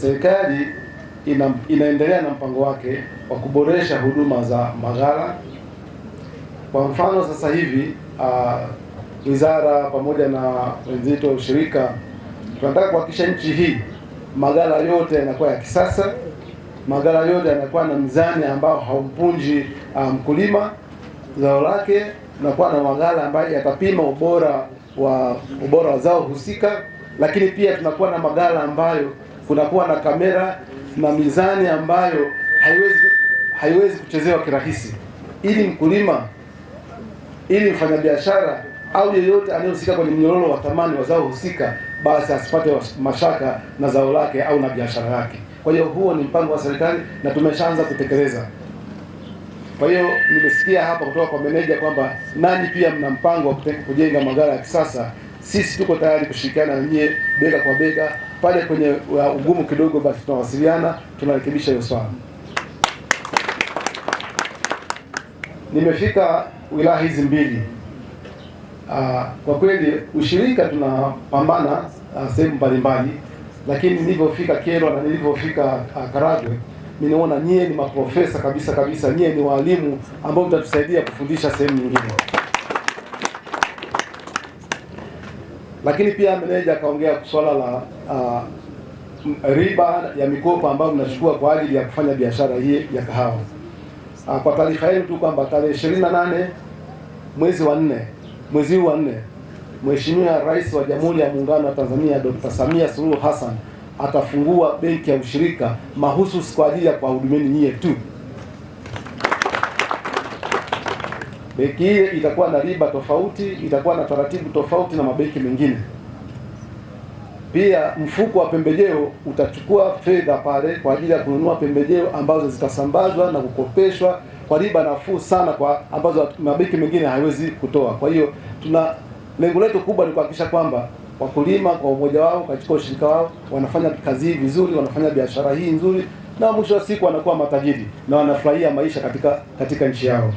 serikali ina, inaendelea na mpango wake wa kuboresha huduma za maghala. Kwa mfano sasa hivi ah, wizara uh, pamoja na wenzetu wa ushirika tunataka kuhakikisha nchi hii maghala yote yanakuwa ya kisasa, maghala yote yanakuwa na mzani ambao haumpunji ah, mkulima zao lake, tunakuwa na maghala ambayo yatapima ubora wa ubora wa zao husika, lakini pia tunakuwa na maghala ambayo kunakuwa na kamera na mizani ambayo haiwezi haiwezi kuchezewa kirahisi, ili mkulima, ili mfanyabiashara au yeyote anayehusika kwenye mnyororo wa thamani wa zao husika, basi asipate mashaka na zao lake au na biashara yake. Kwa hiyo huo ni mpango wa serikali na tumeshaanza kutekeleza. Kwa hiyo nimesikia hapa kutoka kwa meneja kwamba nani pia mna mpango wa kujenga magara ya kisasa sisi tuko tayari kushirikiana na nyie bega kwa bega. Pale kwenye uh, ugumu kidogo, basi tunawasiliana, tunarekebisha hiyo swala. Nimefika wilaya hizi mbili. Uh, kwa kweli ushirika tunapambana uh, sehemu mbalimbali, lakini nilivyofika Kyerwa na nilivyofika uh, Karagwe ninaona nyie ni maprofesa kabisa kabisa, nyie ni waalimu ambao mtatusaidia kufundisha sehemu nyingine. Lakini pia meneja akaongea swala la uh, riba ya mikopo ambayo mnachukua kwa ajili ya kufanya biashara hii ya kahawa. Uh, kwa taarifa yenu tu kwamba tarehe 28 mwezi wa nne mwezi huu wa nne Mheshimiwa Rais wa Jamhuri ya Muungano wa Tanzania Dr. Samia Suluhu Hassan atafungua benki ya ushirika mahususi kwa ajili ya kuwahudumieni nyie tu. benki hii itakuwa na riba tofauti, itakuwa na taratibu tofauti na mabenki mengine. Pia mfuko wa pembejeo utachukua fedha pale kwa ajili ya kununua pembejeo ambazo zitasambazwa na kukopeshwa kwa riba nafuu sana, kwa ambazo mabenki mengine haiwezi kutoa. Kwa hiyo tuna lengo letu kubwa ni kuhakikisha kwamba wakulima kwa umoja wao katika ushirika wao wanafanya kazi hii vizuri, wanafanya biashara hii nzuri, na mwisho wa siku wanakuwa matajiri na wanafurahia maisha katika katika nchi yao.